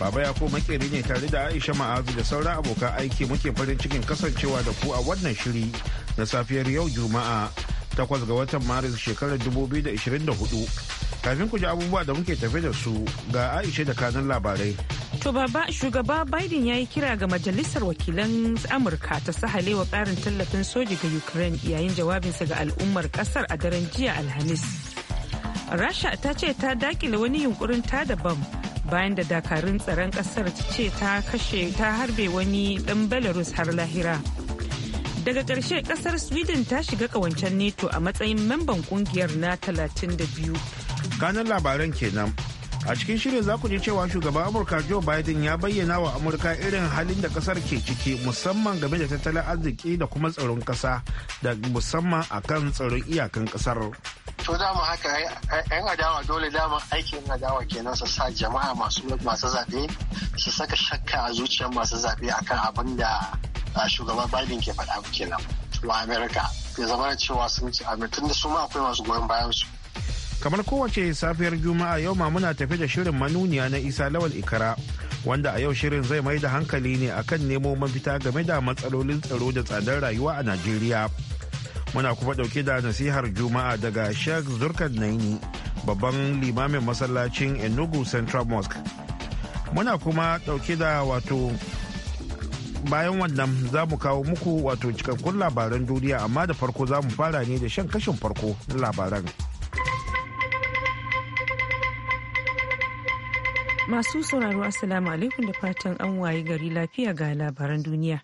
Baba ya ko makeri ne tare da Aisha Ma'azu da sauran abokan aiki muke farin cikin kasancewa da ku a wannan shiri na safiyar yau Juma'a takwas ga watan Maris shekarar 2024. Kafin ku ji abubuwa da muke tafe da su ga Aisha da kanan labarai. To baba shugaba Biden ya yi kira ga majalisar wakilan Amurka ta sahalewa karin tallafin soji ga Ukraine yayin jawabinsa ga al'ummar kasar a daren jiya Alhamis. Rasha ta ce ta dakile wani yunkurin tada bam bayan da dakarun tsaron kasar ce ta kashe ta harbe wani dan belarus har lahira daga karshe kasar sweden ta shiga kawancen neto a matsayin memban kungiyar na 32 kanan labaran kenan a cikin shirin za ku ji cewa shugaban amurka joe biden ya bayyana wa amurka irin halin da kasar ke ciki musamman game da tattalin arziki da kuma tsaron kasa da musamman akan tsaron iyakan kasar su dama haka yan adawa dole dama aikin adawa kenan su sa jama'a masu masu zaɓe su saka shakka a zuciyar masu zaɓe akan abin da shugaban Biden ke faɗa kenan wa Amerika ya zama da cewa sun ci tun da su ma akwai masu goyon bayan su. Kamar kowace safiyar Juma'a yau ma muna tafi da shirin manuniya na Isa Lawal Ikara wanda a yau shirin zai mai da hankali ne akan nemo mafita game da matsalolin tsaro da tsadar rayuwa a Najeriya. muna kuma dauke da nasihar juma'a daga sheikh zurkar naini babban limamin masallacin enugu central mosque muna kuma dauke da wato bayan wannan za mu kawo muku wato cikakkun labaran duniya amma da farko za mu fara ne da shan kashin farko na labaran masu sauraro assalamu alaikum da fatan an waye gari lafiya ga labaran duniya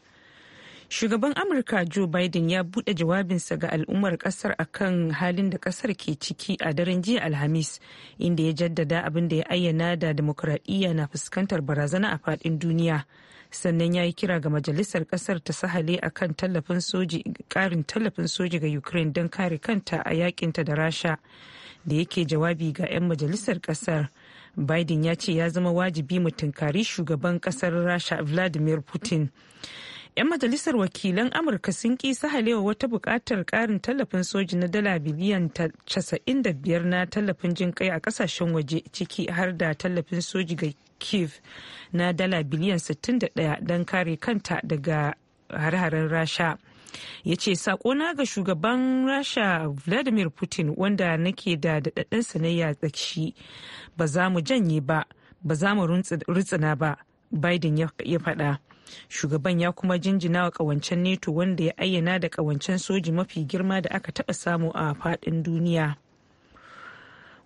Shugaban Amurka Joe Biden ya bude jawabinsa ga al'ummar ƙasar akan halin da kasar ke ciki a daren jiya Alhamis, inda ya jaddada abin da ya ayyana da demokuraɗiyya na fuskantar barazana a fadin duniya. Sannan ya yi kira ga majalisar kasar ta sahale a kan tallafin soja tallafin soji ga Ukraine don kare kanta a yakinta da Rasha. Da yake jawabi ga 'yan majalisar kasar Biden ya ce ya zama wajibi mu tinkari shugaban kasar Rasha Vladimir Putin. 'Yan majalisar wakilan Amurka sun ƙi sahalewa wata bukatar ƙarin tallafin soji na dala biliyan 95 na tallafin jin kai a ƙasashen waje ciki har da tallafin soji ga Kiev na dala biliyan 61 don kare kanta daga har-haren Rasha. ya ce sakona ga shugaban rasha vladimir putin wanda nake da daɗaɗɗen sanayya tsakshi ba za mu janye ba ba za mu rutsina ba biden ya faɗa shugaban ya kuma jinjina wa kawancen neto wanda ya ayyana da kawancen soji mafi girma da aka taɓa samu a faɗin duniya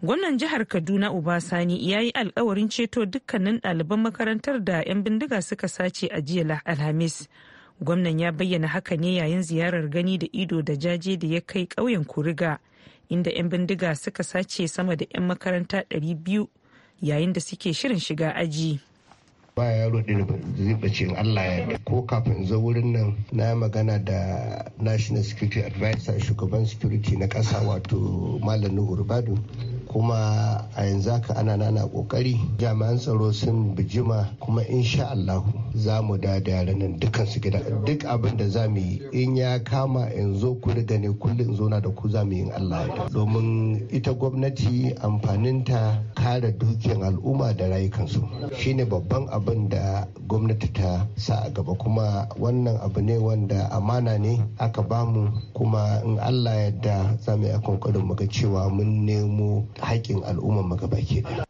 gwamnan jihar kaduna ubasani ya yi alkawarin ceto dukkanin ɗaliban makarantar da 'yan bindiga suka sace a jiya alhamis gwamnan ya bayyana haka ne yayin ziyarar gani da ido da jaje da ya kai ƙauyen kuriga inda 'yan bindiga suka sace sama da 'yan makaranta 200 yayin da suke shirin shiga aji. ba yaro da zai bace in Allah ya ko kafin zo wurin nan na yi magana da National Security Advisor shugaban security na ƙasa wato Malam Nuhu Rubadu kuma a yanzu haka ana nana kokari jami'an tsaro sun bijima kuma insha Allah za mu da da nan dukkan su gida duk abin da za mu yi in ya kama in zo ku riga ne kullum in zo na da ku za mu yi Allah ya domin ita gwamnati amfanin ta kare dukiyar al'umma da rayukansu shine babban abin da gwamnati ta sa a gaba kuma wannan abu ne wanda amana ne aka bamu kuma in Allah yadda za mu yi a mu ga cewa mun nemo haƙƙin al'ummar mu gabaki ɗaya.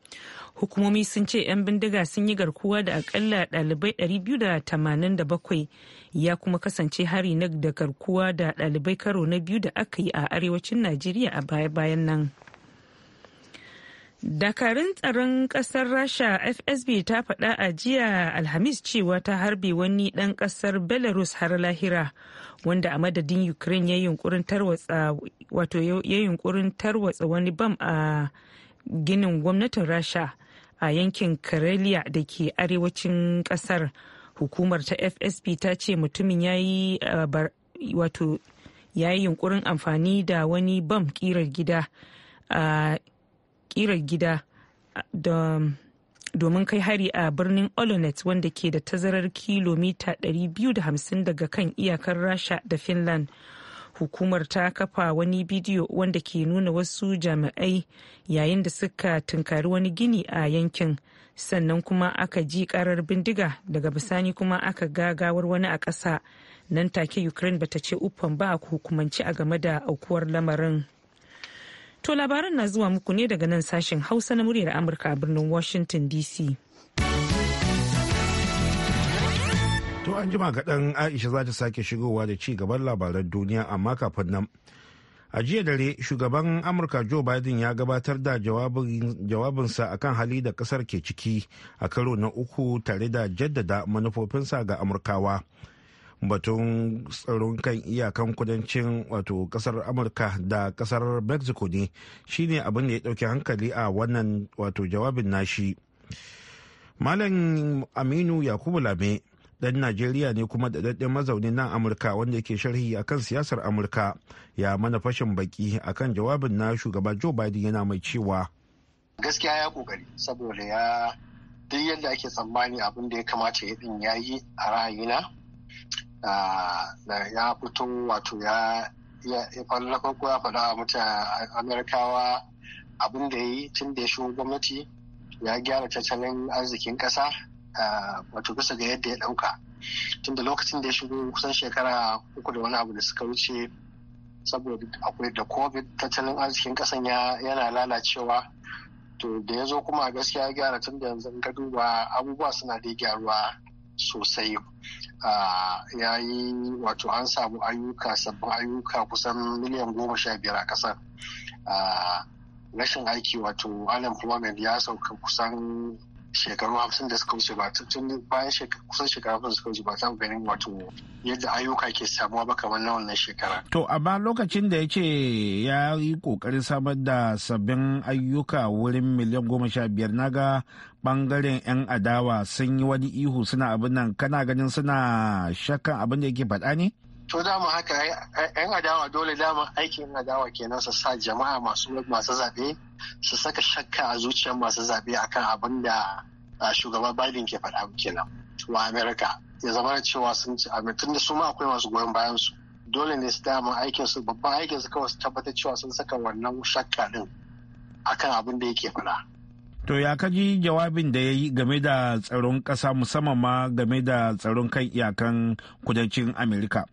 Hukumomi sun ce 'yan bindiga sun yi garkuwa da akalla ɗalibai 287 ya kuma kasance hari na da garkuwa da ɗalibai karo na biyu da aka yi a arewacin Najeriya a baya-bayan nan. dakarun tsaron kasar rasha fsb ta faɗa a jiya alhamis cewa ta harbe wani ɗan ƙasar belarus har lahira wanda a madadin ukraine ya yunkurin tarwatsa yunkurin tarwatsa wani bam a ginin gwamnatin rasha a yankin karelia da ke arewacin ƙasar hukumar ta fsb ta ce mutumin ya yi yunkurin amfani da wani bam ƙirar gida kirar gida domin kai hari a birnin olonet wanda ke da tazarar kilomita 250 daga kan iyakar rasha da finland hukumar ta kafa wani bidiyo wanda ke nuna wasu jami'ai yayin da suka tunkari wani gini a yankin sannan kuma aka ji karar bindiga daga bisani kuma aka gagawar wani a ƙasa nan take ukraine bata ce uffan ba a hukumanci a game da aukuwar lamarin To labaran na zuwa muku ne daga nan sashen Hausa na muryar Amurka a birnin Washington DC. To an jima kaɗan Aisha za ta sake shigowa da ci gaban labaran duniya amma kafin nan. A jiya dare shugaban Amurka Joe Biden ya gabatar da jawabinsa akan hali da ƙasar ke ciki a karo na uku tare da jaddada manufofinsa ga Amurkawa. batun tsaron kan iyakan kudancin wato kasar amurka da kasar mexico ne shine abin da ya dauki hankali a wannan wato jawabin nashi malam aminu yakubu lame dan najeriya ne kuma da daɗin mazaunin nan amurka wanda yake sharhi akan siyasar amurka ya mana fashin baki akan jawabin na shugaba joe biden yana mai cewa gaskiya ya kokari saboda ya duk yadda ake tsammani abin da ya kamata ya din ya yi a ra'ayina da ya fito wato ya na farko ya faɗa mutu amerikawa abin da ya yi tun da ya shigo gwamnati ya gyara tattalin arzikin ƙasa wato bisa ga yadda ya ɗauka tun da lokacin da ya shigo kusan shekara uku da wani abu da suka wuce saboda akwai da covid tattalin arzikin ƙasan yana lalacewa to da ya zo kuma gaskiya ya gyara tun da yanzu ka duba abubuwa suna da gyaruwa sosai ya yi wato an samu ayyuka sabbin ayyuka kusan miliyan goma sha biyar a kasar rashin aiki wato unemployment ya sauka kusan shekaru hamsin da suka wuce ba tun bayan kusan shekaru hamsin suka wuce ba za ganin wato yadda ayyuka ke samuwa ba kamar na wannan shekara. To amma lokacin da ya ce ya yi kokarin samar da sabbin ayyuka wurin miliyan goma sha biyar naga bangaren 'yan adawa sun yi wani ihu suna abin nan kana ganin suna shakkan abin da yake faɗa ne? to dama haka yan adawa dole dama aikin yan adawa kenan su sa jama'a masu masu zaɓe su saka shakka a zuciyar masu zaɓe akan abin da shugaban Biden ke faɗa kenan wa Amerika ya zama cewa sun ci tun da su ma akwai masu goyon bayan su dole ne su dama aikin su babban aikin su kawai su tabbatar cewa sun saka wannan shakka din akan abin da yake faɗa. To ya kaji jawabin da ya yi game da tsaron ƙasa musamman ma game da tsaron kan iyakan kudancin Amerika.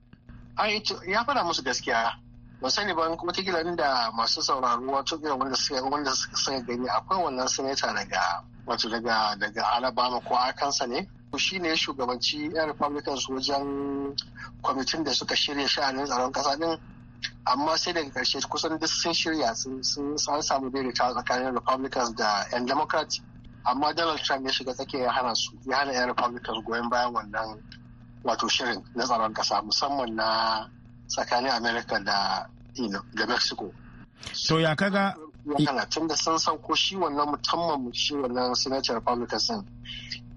ya faɗa musu gaskiya ba sani ba watakila da masu sauraro wato wanda suka wanda suka gani akwai wannan sanata daga wato daga alabama ko akansa ne shi ne shugabanci yan republicans wajen kwamitin da suka shirya sha'anin tsaron kasa din amma sai daga karshe kusan duk sun shirya sun samu daidaita tsakanin republicans da yan democrats amma donald trump ya shiga tsakiya ya hana su ya hana yan republicans goyon bayan wannan wato shirin na tsaron kasa, musamman na tsakanin america da da mexico to ya kaga wakana tun da sun san ko shi wannan mutumman shi wannan senator republican sun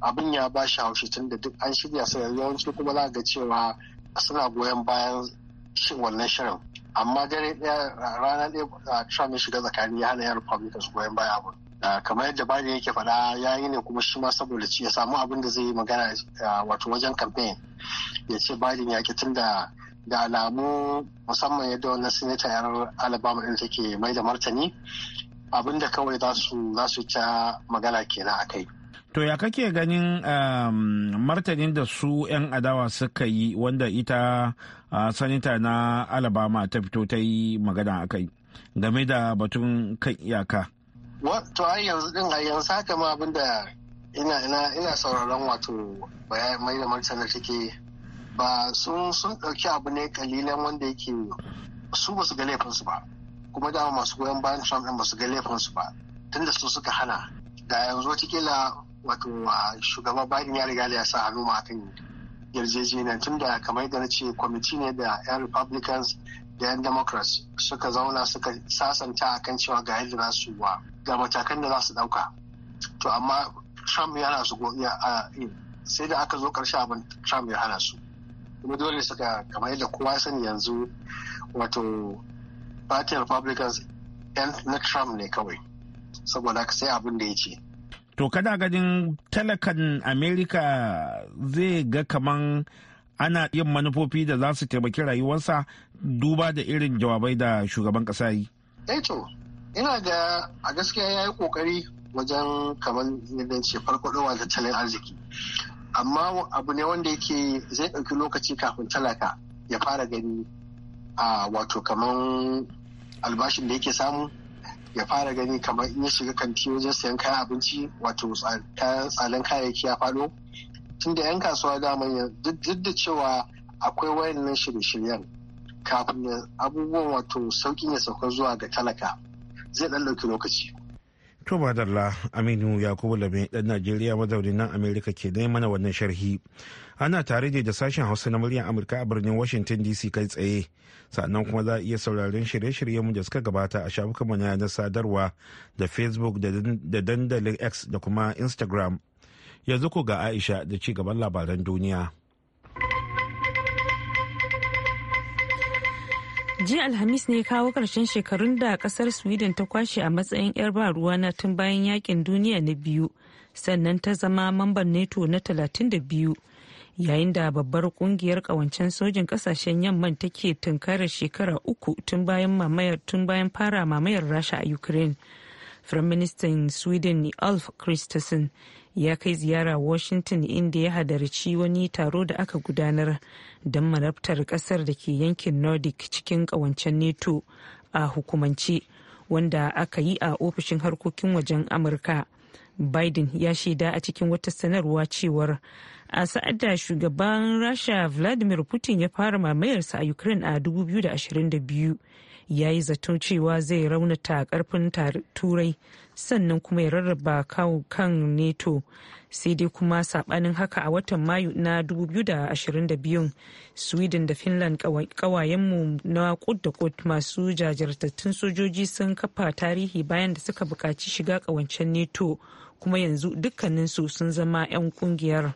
abin ya ba shi haushi tun da duk an shirya sai yawanci kuma za ga cewa suna goyon bayan shi wannan shirin amma dare ɗaya rana daya uh, trump ya shiga tsakani ya hana yan republicans goyon baya abin Ah, kamar yadda ba da yake faɗa ya yi ne kuma shi ma saboda ya samu abin da zai yi magana ah, wato wajen campaign ya ce Biden ya ki tun da alamu musamman yadda wannan sinita yar Alabama ɗin take mai da martani abin da kawai za su za ta magana kenan a kai. To ya kake ganin um, martanin da su 'yan adawa suka yi wanda ita ah, sanita na Alabama ta fito ta yi magana a kai game da batun kan iyaka? to ai yanzu din ai yanzu haka ma abinda ina ina ina sauraron wato bayan mai da martana take ba sun sun dauki abu ne kalilan wanda yake su ba su ga laifin su ba kuma dama masu goyon bayan Trump din ba su ga laifin su ba tunda su suka hana da yanzu watakila wato shugaban Biden ya riga ya sa hannu ma kan yarjejeniyar tunda kamar da na ce kwamiti ne da 'yan Republicans da 'yan democrats suka zauna suka sasanta a kan cewa ga yadda za su wa ga matakan da za su dauka to amma trump ya hana su sai da aka zo karshe abin trump ya hana su kuma dole suka kamar yadda kowa sani yanzu wato party republicans yan na trump ne kawai saboda sai abin da ya ce to kada ganin talakan amerika zai ga kaman ana yin manufofi da za su taimaki rayuwarsa duba da irin jawabai da shugaban ƙasa yi. Eh to ina ga a gaskiya ya yi ƙoƙari wajen kamar yadda ce farfadowa da tattalin arziki amma abu ne wanda yake zai ɗauki lokaci kafin talaka ya fara gani a wato kamar albashin da yake samu ya fara gani kamar in ya shiga kanti wajen sayan kayan abinci wato kayan tsalen kayayyaki ya faɗo tunda 'yan kasuwa daman duk da cewa akwai wayannan shirye-shiryen kafin abubuwan wato saukin ya sauka zuwa ga talaka zai ɗan ɗauki lokaci. To madalla Aminu Yakubu Lame ɗan Najeriya mazaunin nan Amerika ke dai mana wannan sharhi. Ana tare ne da sashen Hausa na muryar Amurka a birnin Washington DC kai tsaye. Sannan kuma za a iya sauraron shirye-shiryen mu da suka gabata a shafukanmu na sadarwa da Facebook da dandalin X da kuma Instagram. yanzu ko ga aisha da ci gaban labaran duniya jiya alhamis ne kawo karshen shekarun da kasar sweden ta kwashe a matsayin 'yar ba ruwa na tun bayan yakin duniya na biyu sannan ta zama mamban neto na 32 yayin da babbar kungiyar kawancen sojin kasashen yamman take tunkarar shekara uku tun bayan mamayar tun bayan fara mamayar rasha a ukraine firaministan sweden alf christensen ya kai ziyara washington inda ya hadarci wani taro da aka gudanar don marabtar kasar da ke yankin nordic cikin kawancen neto a hukumance wanda aka yi a ofishin harkokin wajen amurka biden ya shaida a cikin wata sanarwa cewar a sa'ad shugaban rasha vladimir putin ya fara mamayarsa a ukraine a 2022 ya yi zaton cewa zai raunata karfin turai sannan kuma ya rarraba kawo kan neto sai dai kuma sabanin haka a watan mayu na 2022 sweden da finland kawayenmu na kud da kud masu jajirtattun sojoji sun kafa tarihi bayan da suka bukaci shiga kawancen neto kuma yanzu dukkaninsu sun zama 'yan kungiyar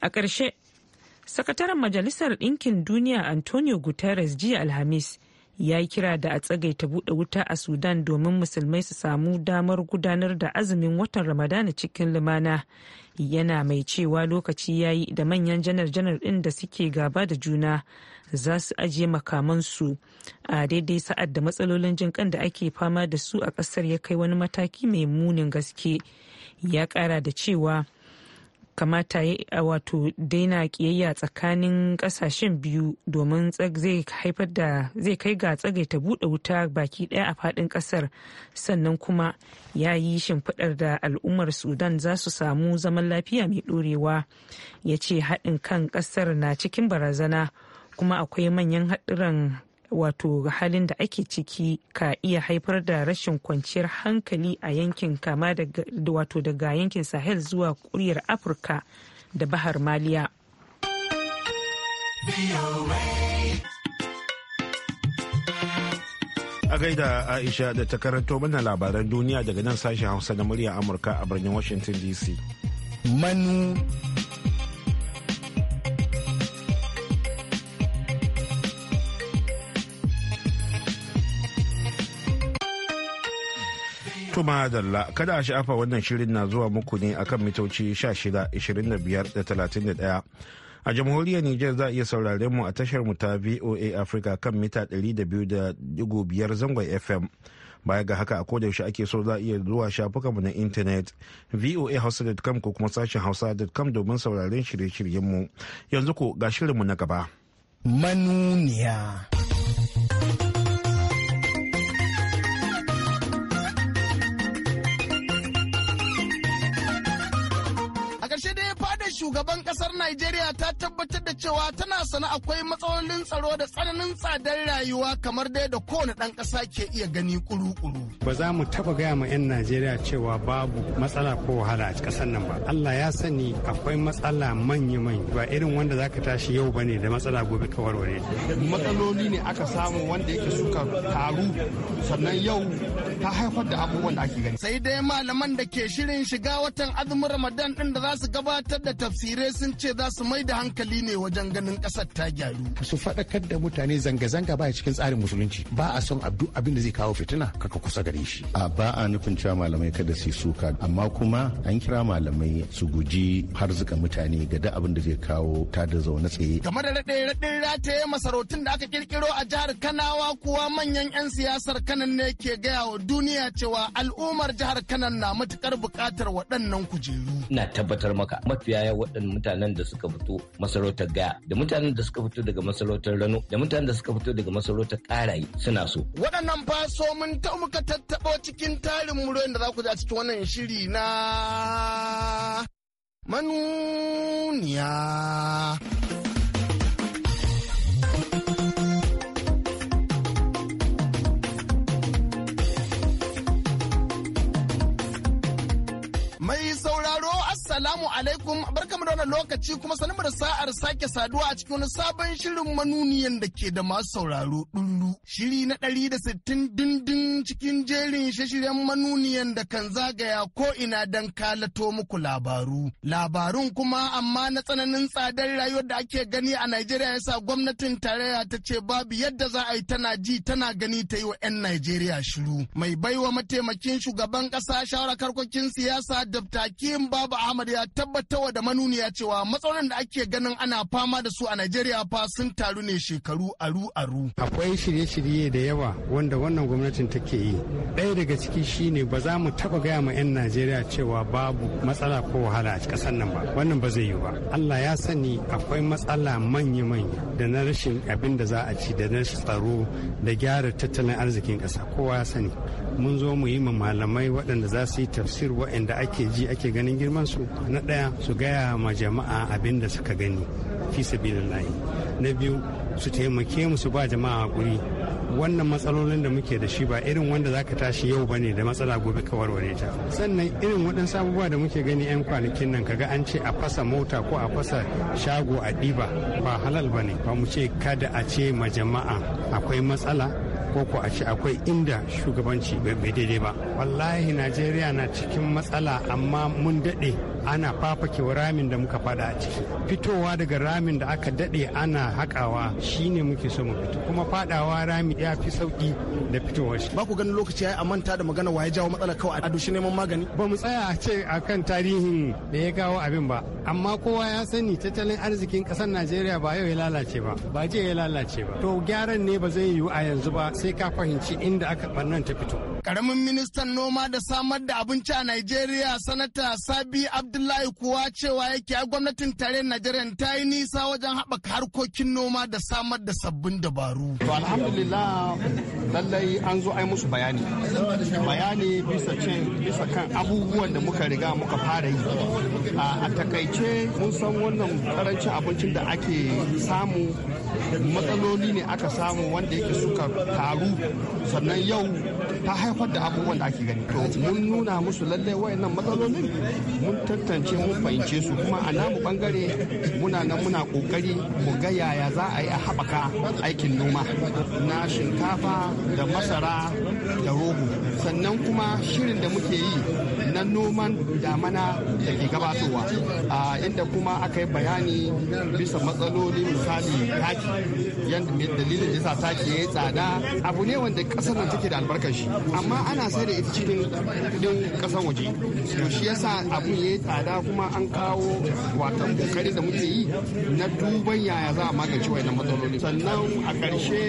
a ƙarshe sakataren majalisar ɗinkin duniya antonio guterres jiya alhamis ya yi kira da a tsagaita buɗe wuta a sudan domin musulmai su samu damar gudanar da azumin watan ramadana cikin lumana yana mai cewa lokaci ya yi da manyan janar-janar ɗin da suke gaba da juna za su ajiye makamansu a daidai sa'ad da matsalolin kan da ake fama da su a ƙasar ya kai wani mataki mai munin gaske ya ƙara da cewa kamata ya wato daina kiyayya tsakanin kasashen biyu domin zai haifar da zai kai ga tsagaita buɗe wuta baki ɗaya a faɗin ƙasar sannan kuma ya yi shimfiɗar da al'ummar sudan za su samu zaman lafiya mai ɗorewa ya ce haɗin kan ƙasar na cikin barazana kuma akwai manyan haɗuran wato halin da ake ciki ka iya haifar da rashin kwanciyar hankali a yankin kama da wato daga yankin sahel zuwa kuryar afirka da bahar maliya a gaida aisha da ta karanto mana labaran duniya daga nan sashen hausa na murya amurka a birnin washington dc manu Tuma Dalla kada a sha'afa wannan shirin na zuwa muku ne akan mitoci 16, 25 da 31. a jamhuriyar Nijar za a iya sauraren mu a tashar mu ta VOA Africa kan mita 200.5 zangon FM. Baya ga haka a kodayaushe ake so za a iya zuwa shafukanmu na intanet voahausa.com ko kuma sashen hausa.com domin sauraren shirye-shiryenmu. Yanzu ko ga shirinmu na gaba. Manuniya. shugaban kasar Najeriya ta tabbatar da cewa tana sana akwai matsalolin tsaro da tsananin tsadar rayuwa kamar dai da kowane ɗan ƙasa ke iya gani kuru-kuru. Ba za mu taɓa gaya ma 'yan Najeriya cewa babu matsala ko wahala a ƙasar nan ba. Allah ya sani akwai matsala manya-manya ba irin wanda za ka tashi yau ba ne da matsala gobe ka warware. Matsaloli ne aka samu wanda yake suka taru sannan yau ta haifar da abubuwan da ake gani. Sai dai malaman da ke shirin shiga watan azumin Ramadan ɗin da za su gabatar da tafsir asirai sun ce za su mai da hankali ne wajen ganin ƙasar ta gyaru. Su faɗakar da mutane zanga-zanga ba cikin tsarin musulunci ba a son abdu abin da zai kawo fitina kaka kusa gare shi. A ba a nufin cewa malamai kada su suka amma kuma an kira malamai su guji harzuka mutane ga da abin da zai kawo ta da zaune tsaye. Game da raɗe-raɗe rataye masarautun da aka kirkiro a jihar Kanawa kuwa manyan 'yan siyasar kanan ne ke gaya wa duniya cewa al'ummar jihar kanan na matukar buƙatar waɗannan kujeru. na tabbatar maka mafiya yawa waɗannan mutanen da suka fito masarautar gaya da mutanen da suka fito daga masarautar rano da mutanen da suka fito daga masarautar karaye suna so waɗannan faso mun ta muka tattaɓo cikin tarin muryoyin da za ku ji a cikin wannan shiri na manuniya Assalamu alaikum barkamu da wannan lokaci kuma sanin da sa'ar sake saduwa a cikin wani sabon shirin manuniyan da ke da masu sauraro dullu. Shiri na ɗari da sittin dindin cikin jerin shashiren manuniyan da kan zagaya ko ina don kalato muku labaru. Labarun kuma amma na tsananin tsadar rayuwar da ake gani a Najeriya yasa gwamnatin tarayya ta ce babu yadda za a yi tana ji tana gani ta yi wa 'yan Najeriya shiru. Mai baiwa mataimakin shugaban ƙasa shawarar karkokin siyasa Dr. Kim Baba Ahmad Muhammad ya tabbatarwa da manuniya cewa matsalolin da ake ganin ana fama da su a Najeriya fa sun taru ne shekaru aru-aru. Akwai shirye-shirye da yawa wanda wannan gwamnatin take yi. Ɗaya daga ciki shine ba za mu taɓa gaya ma 'yan Najeriya cewa babu matsala ko wahala a ƙasar nan ba. Wannan ba zai yi ba. Allah ya sani akwai matsala manya-manya da na rashin abin da za a ci da na tsaro da gyara tattalin arzikin ƙasa kowa ya sani. Mun zo mu yi ma malamai waɗanda za su yi tafsir waɗanda ake ji ake ganin girman su na ɗaya su gaya ma jama'a abin da suka gani fi sabilillahi na biyu su taimake mu su ba jama'a hakuri wannan matsalolin da muke da shi ba irin wanda za ka tashi yau ba ne da matsala gobe kawar wane ta sannan irin waɗansu abubuwa da muke gani 'yan kwanakin nan kaga an ce a fasa mota ko a fasa shago a ɗiba ba halal ba ne ba mu ce kada a ce ma jama'a akwai matsala ko ko a ce akwai inda shugabanci bai daidai ba wallahi najeriya na cikin matsala amma mun daɗe ana fafakewa ramin da muka fada a ciki fitowa daga ramin da aka dade ana hakawa shine muke so mu fito kuma fadawa rami ya fi sauki da fitowa. shi ba ku ganin lokaci ya a manta da magana waye jawo matsala kawai a dushi neman magani ba mu tsaya a ce akan tarihin da ya kawo abin ba amma kowa ya sani tattalin arzikin kasar Najeriya ba yau ya lalace ba ba jiya ya lalace ba to gyaran ne ba zai yiwu a yanzu ba sai ka fahimci inda aka barnan ta fito karamin ministan noma da samar da abinci a Najeriya sanata Sabi Abdi. abdullahi kuwa cewa yake a gwamnatin tare najeriya ta yi nisa wajen haɓaka harkokin noma da samar da sabbin dabaru to alhamdulillah lallai an zo ai musu bayani bayani bisa cin bisa kan abubuwan da muka riga muka fara yi a takaice mun san wannan karancin abincin da ake samu matsaloli ne aka samu wanda yake suka taru sannan yau ta haifar da abubuwan da ake gani to mun nuna musu lallai wayannan matsalolin mun tantance mun fahimce su kuma a namu bangare muna nan muna kokari mu ga yaya za a yi a haɓaka aikin noma na shinkafa da masara da rogo sannan kuma shirin da muke yi na noman damana da ke gabatowa inda kuma aka yi bayani bisa matsaloli misali taki yadda dalilin da ta ke tsada abu ne wanda kasar nan take da albarkar shi amma ana sai da ita cikin din kasar waje to shi yasa ya yayi tsada kuma an kawo watan kokari da muke yi na duban yaya za a magance wannan matsaloli sannan a ƙarshe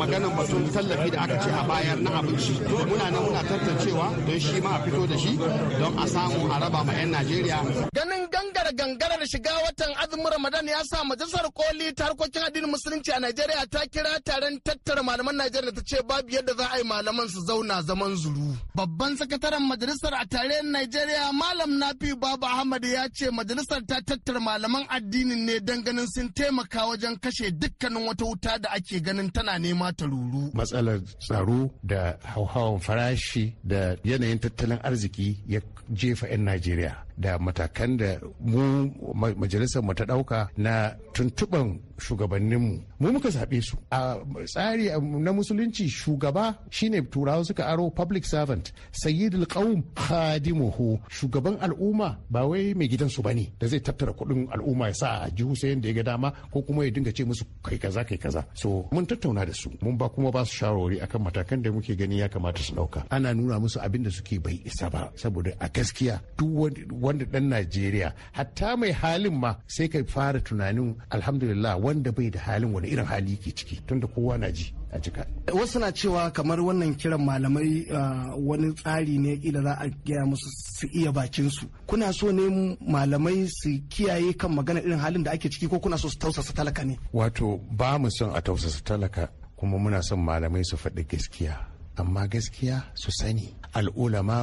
maganar batun tallafi da aka ce a bayar na abinci muna nan muna tantancewa don shi ma a fito da shi don a samu a raba ma 'yan Najeriya. Ganin gangar gangarar shiga watan azumin Ramadan ya sa majalisar koli ta harkokin addinin musulunci a Najeriya ta kira taron tattara malaman Najeriya ta ce babu yadda za a yi malaman su zauna zaman zuru. Babban sakataren majalisar a tarayyar Najeriya Malam Nafi Baba Ahmad ya ce majalisar ta tattara malaman addinin ne don ganin sun taimaka wajen kashe dukkanin wata wuta da ake ganin tana nema ta ruru. Matsalar tsaro da hauhawan farashi da yanayin tattalin arziki ya jefa 'yan Najeriya. da matakan da mu majalisar mu ta dauka na tuntuban shugabanninmu mu muka zaɓe su a tsari na musulunci shugaba shine turawa suka aro public servant sayyidul qaum khadimuhu shugaban al'umma ba wai mai gidansu bane da zai tattara kuɗin al'umma ya sa a jihu sai yanda ya ga dama ko kuma ya dinga ce musu kai kaza kai kaza so mun tattauna da su mun ba kuma ba su shawarwari akan matakan da muke gani ya kamata su dauka ana nuna musu abin da suke bai isa ba saboda a gaskiya duk wanda dan Najeriya hatta mai halin ma sai ka fara tunanin alhamdulillah wanda bai da halin wani irin hali ke ciki tunda kowa na ji a jika. Wasu na cewa kamar wannan kiran malamai ah, wani tsari ne ila za a gaya musu su iya bakin su. Kuna so ne malamai su kiyaye kan magana irin halin da ake ciki ko kuna so su tausasa talaka ne? Wato ba mu son a tausasa talaka kuma muna son malamai su faɗi gaskiya. amma gaskiya su sani al'ulama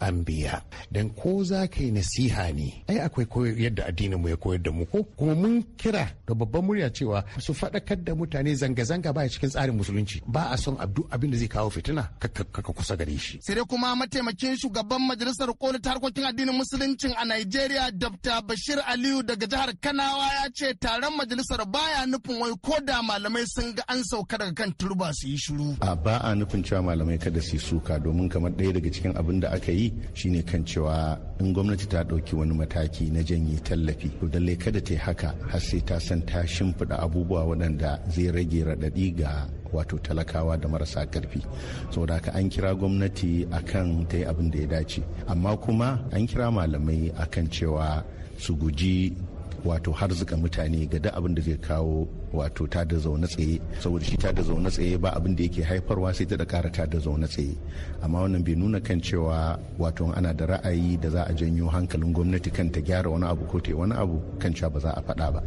an biya. dan ko za ka yi nasiha ne ai akwai koyar yadda addinin mu ya koyar da mu ko kuma mun kira da babban murya cewa su faɗakar da mutane zanga-zanga ba cikin tsarin musulunci ba a son abdu abin da zai kawo fitina ka kusa gare shi sai dai kuma mataimakin shugaban majalisar koli ta harkokin addinin musuluncin a Najeriya Dr. Bashir Aliyu daga jihar Kanawa ya ce taron majalisar baya nufin wai ko da malamai sun ga an sauka daga kan turba su yi shiru a ba a nufin. kafin cewa malamai kada su suka domin kamar ɗaya daga cikin abin da aka yi shine kan cewa in gwamnati ta ɗauki wani mataki na janye tallafi to dalle kada ta yi haka har sai ta san ta shimfiɗa abubuwa waɗanda zai rage raɗaɗi ga wato talakawa da marasa karfi saboda haka an kira gwamnati akan ta yi abin da ya dace amma kuma an kira malamai akan cewa su guji wato har zuka mutane ga da abin da zai kawo wato ta da zaune tsaye saboda shi ta da zaune tsaye ba abin da yake haifarwa sai ta da kara ta da zaune tsaye amma wannan bai nuna kan cewa wato ana da ra'ayi da za a janyo hankalin gwamnati kan ta gyara wani abu ko ta wani abu kan cewa ba za a faɗa ba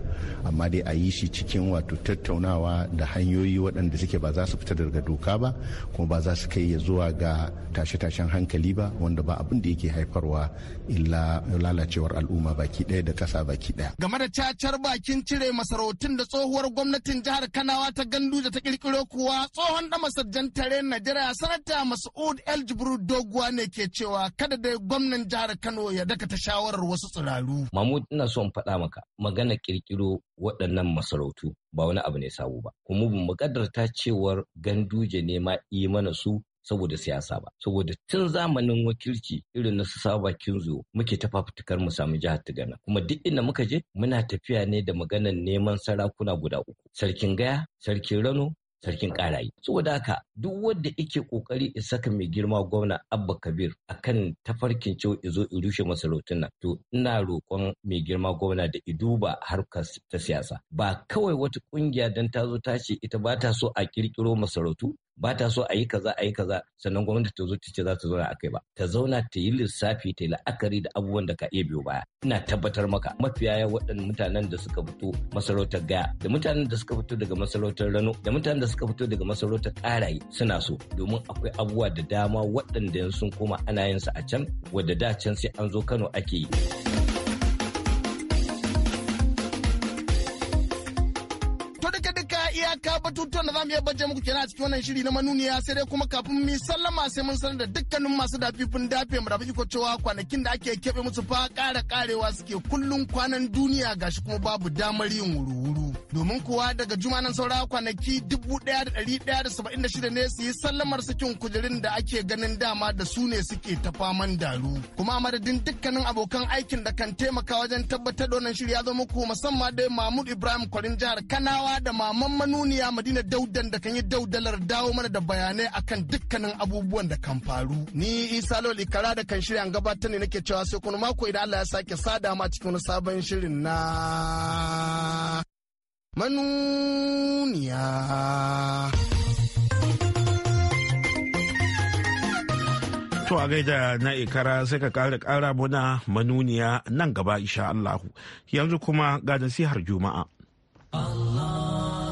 amma dai a yi shi cikin wato tattaunawa da hanyoyi waɗanda suke ba za su fita daga doka ba kuma ba za su kai ya zuwa ga tashe-tashen hankali ba wanda ba abin da yake haifarwa illa lalacewar al'umma baki ɗaya da ƙasa baki ɗaya game da cacar bakin cire masarautun da tsohuwar gwamnatin jihar Kanawa ta gandu da ta kirkiro kuwa tsohon da masarjan tare Najeriya sanata Mas'ud El Jibru Doguwa ne ke cewa kada da gwamnan jihar Kano ya daka ta shawarar wasu tsiraru. Mahmud ina son faɗa maka magana kirkiro waɗannan masarautu ba wani abu ne sabo ba. Kuma mu ta cewar ganduje ne ma yi mana su saboda siyasa ba saboda tun zamanin wakilci irin na su saba kinzo muke ta fafutukar mu samu jihar Tigana kuma duk inda muka je muna tafiya ne da maganar neman sarakuna guda uku sarkin gaya sarkin rano sarkin karayi saboda haka duk wanda yake kokari in saka mai girma gwamna abba kabir akan tafarkin cewa izo in rushe masarautun nan to ina roƙon mai girma gwamna da iduba harkar ta siyasa ba kawai wata kungiya dan ta zo ta ce ita ba ta so a kirkiro masarautu ba ta so a yi kaza a yi kaza sannan gwamnati ta zo ta ce za ta zauna akai ba ta zauna ta yi lissafi ta yi la'akari da abubuwan da ka iya biyo baya ina tabbatar maka mafiya yawan waɗannan mutanen da suka fito masarautar gaya da mutanen da suka fito daga masarautar rano da mutanen da suka fito daga masarautar ƙaraye suna so domin akwai abubuwa da dama waɗanda sun koma ana yin su a can wadda da can sai an zo kano ake yi. iyaka batutuwan da za mu iya bajje muku kenan a cikin wannan shiri na manuniya sai dai kuma kafin mu sallama sai mun sanar da dukkanin masu dafifin dafe mu da iko cewa kwanakin da ake kebe musu fa ƙara ƙarewa suke kullun kwanan duniya gashi kuma babu damar yin wuru-wuru. Domin kuwa daga juma nan saura kwanaki dubu ɗaya da ɗari ɗaya da saba'in da shida ne su yi sallamar sakin kujerun da ake ganin dama da su ne suke ta faman daru. Kuma a madadin dukkanin abokan aikin da kan taimaka wajen tabbatar da wannan shiri ya zo muku musamman dai Mahmud Ibrahim Kwarin jihar Kanawa da Maman Manuni injiniya madina daudan da kan yi daudalar dawo mana da bayanai akan dukkanin abubuwan da kan faru ni isa lol ikara da kan shirya gabatar ne nake cewa sai kuma mako idan allah ya sake sada ma cikin wani sabon shirin na manuniya To a gaida na ikara sai ka kara kara muna manuniya nan gaba insha Allah yanzu kuma ga nasihar juma'a. Allah.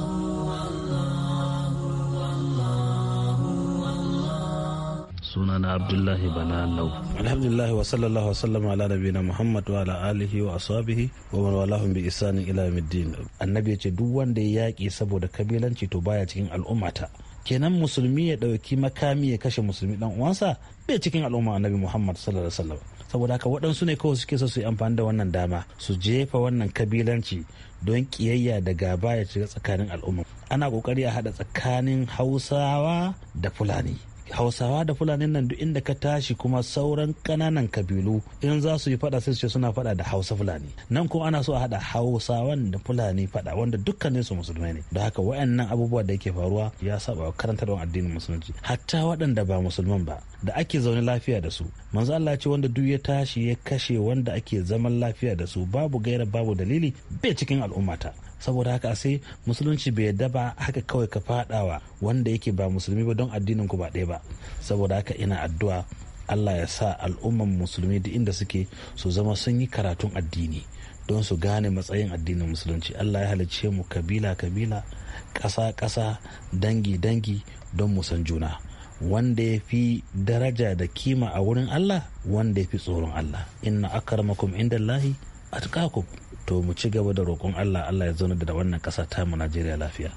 suna na abdullahi balalau alhamdulillah wa sallallahu wa sallama ala na muhammad wa ala alihi wa ashabihi wa man walahum bi isanin ila middin annabi ya ce duk wanda ya yaƙi saboda kabilanci to baya cikin al'ummata kenan musulmi ya ɗauki makami ya kashe musulmi dan uwansa bai cikin al'umma annabi muhammad sallallahu alaihi wasallam saboda haka waɗansu ne kawai suke so su yi amfani da wannan dama su jefa wannan kabilanci don kiyayya da gaba ya shiga tsakanin al'umma ana kokari a haɗa tsakanin hausawa da fulani hausawa da fulani nan duk inda ka tashi kuma sauran kananan kabilu in za su yi fada sai su ce suna fada da hausa fulani nan kuma ana so a hada hausawan da fulani fada wanda dukkanin su musulmai ne da haka wayannan abubuwa da yake faruwa ya saba karantarwar addinin musulunci hatta waɗanda ba musulman ba da ake zaune lafiya da su manzo Allah ce wanda duk ya tashi ya kashe wanda ake zaman lafiya da su babu gaira babu dalili bai cikin al'ummata saboda haka sai musulunci bai yadda ba haka kawai ka fadawa wanda yake ba musulmi ba don addinin ku ba ɗaya ba saboda haka ina addu'a Allah ya sa al'umman musulmi duk inda suke su zama sun yi karatun addini don su gane matsayin addinin musulunci Allah ya halicce mu kabila kabila ƙasa ƙasa dangi dangi don mu san juna wanda ya fi daraja da kima a wurin Allah wanda ya fi tsoron Allah inna inda indallahi atqakum to mu ci gaba da roƙon allah allah ya zauna da wannan ƙasa ta mu najeriya lafiya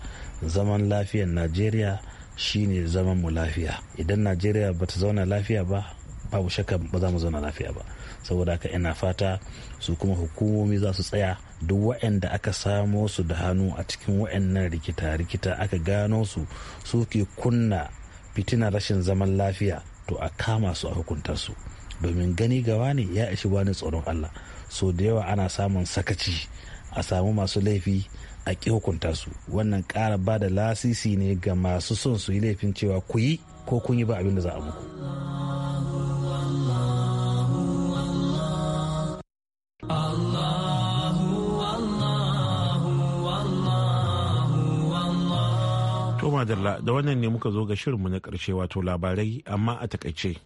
zaman lafiyar najeriya shine zaman mu lafiya idan najeriya ba ta zauna lafiya ba babu shakka ba za mu zauna lafiya ba saboda haka ina fata su kuma hukumomi za su tsaya duk waɗanda aka samo su da hannu a cikin waɗannan rikita-rikita aka gano su suke kunna fitina rashin zaman lafiya to a kama su a hukuntar su domin gani gawa ne ya ishi wani tsoron Allah so da yawa ana samun sakaci a samu masu laifi a ƙi hukunta su wannan ƙara ba da lasisi ne ga masu son su yi laifin cewa ku yi ko kun yi ba abin da za a muku To da wannan ne muka zo ga shirinmu na karshe wato labarai amma a takaice.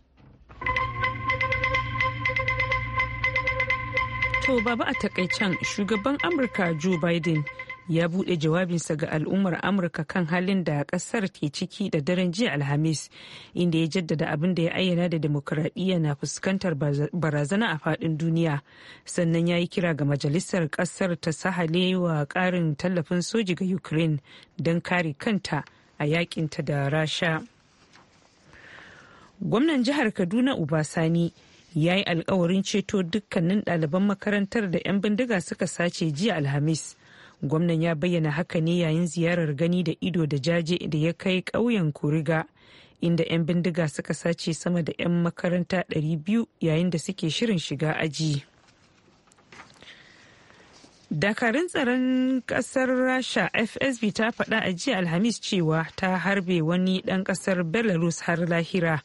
To baba a takaicen shugaban Amurka Joe Biden ya bude jawabinsa ga al'ummar Amurka kan halin da kasar ke ciki da daren jiya Alhamis inda ya jaddada abin da ya ayyana da demokuraɗiyya na fuskantar barazana a faɗin duniya sannan ya yi kira ga majalisar kasar ta sahale wa ƙarin tallafin soji ga Ukraine don kare kanta a yakinta da Rasha. Gwamnan jihar Kaduna Ubasani. Sani ya yi alkawarin ceto dukkanin ɗaliban makarantar da 'yan bindiga suka sace jiya alhamis gwamnan ya bayyana haka ne yayin ziyarar gani da ido da jaje da ya kai ƙauyen kuriga inda 'yan bindiga suka sace sama da 'yan makaranta 200 yayin da suke shirin shiga aji dakarun tsaron kasar rasha fsb ta faɗa a jiya alhamis cewa ta harbe wani ɗan ƙasar belarus har lahira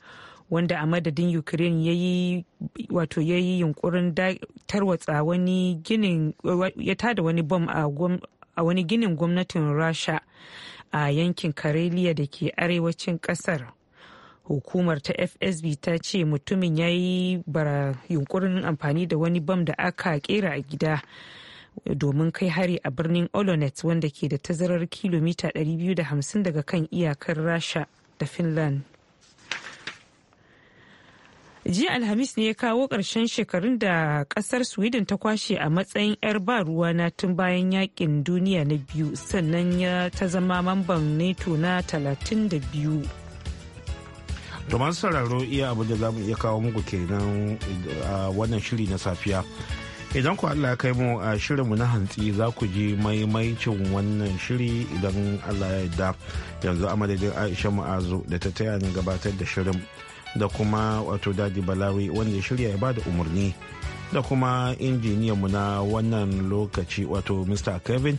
wanda a madadin ukraine ya yi wato ya yi yunkurin tarwatsa wani ginin ya tada wani bom a wani ginin gwamnatin rasha a yankin karelia da ke arewacin kasar hukumar ta fsb ta ce mutumin ya yi yunkurin amfani da wani bom da aka kera a gida domin kai hari a birnin olonet wanda ke da tazarar kilomita 250 daga kan iyakar rasha da finland jiya alhamis ne ya kawo ƙarshen shekarun da ƙasar sweden ta kwashe a matsayin 'yar ba ruwa na tun bayan yakin duniya na biyu sannan ya ta zama mamban neto na 32 domin masu sauraro iya abin da zamu iya kawo muku kenan a wannan shiri na safiya idan ku allah ya kai mu a shirinmu na hantsi za ku ji maimaicin wannan shiri idan allah ya yarda yanzu a madadin aisha ma'azu da ta taya ni gabatar da shirin da kuma wato dadi balawi wanda ya shirya ya bada umarni da kuma injiniyanmu na wannan lokaci wato mr kevin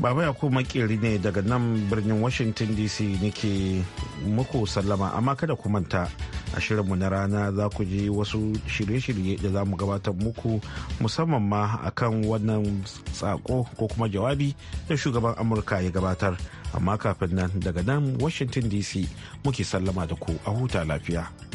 Baba Yakubu makeri ne daga nan birnin Washington DC nake muku sallama amma kada ku manta a shirinmu na rana za ku ji wasu shirye-shirye da za mu gabatar muku musamman ma akan wannan tsako ko kuma jawabi da shugaban Amurka ya gabatar amma kafin nan daga nan Washington DC muke sallama da ku a huta lafiya.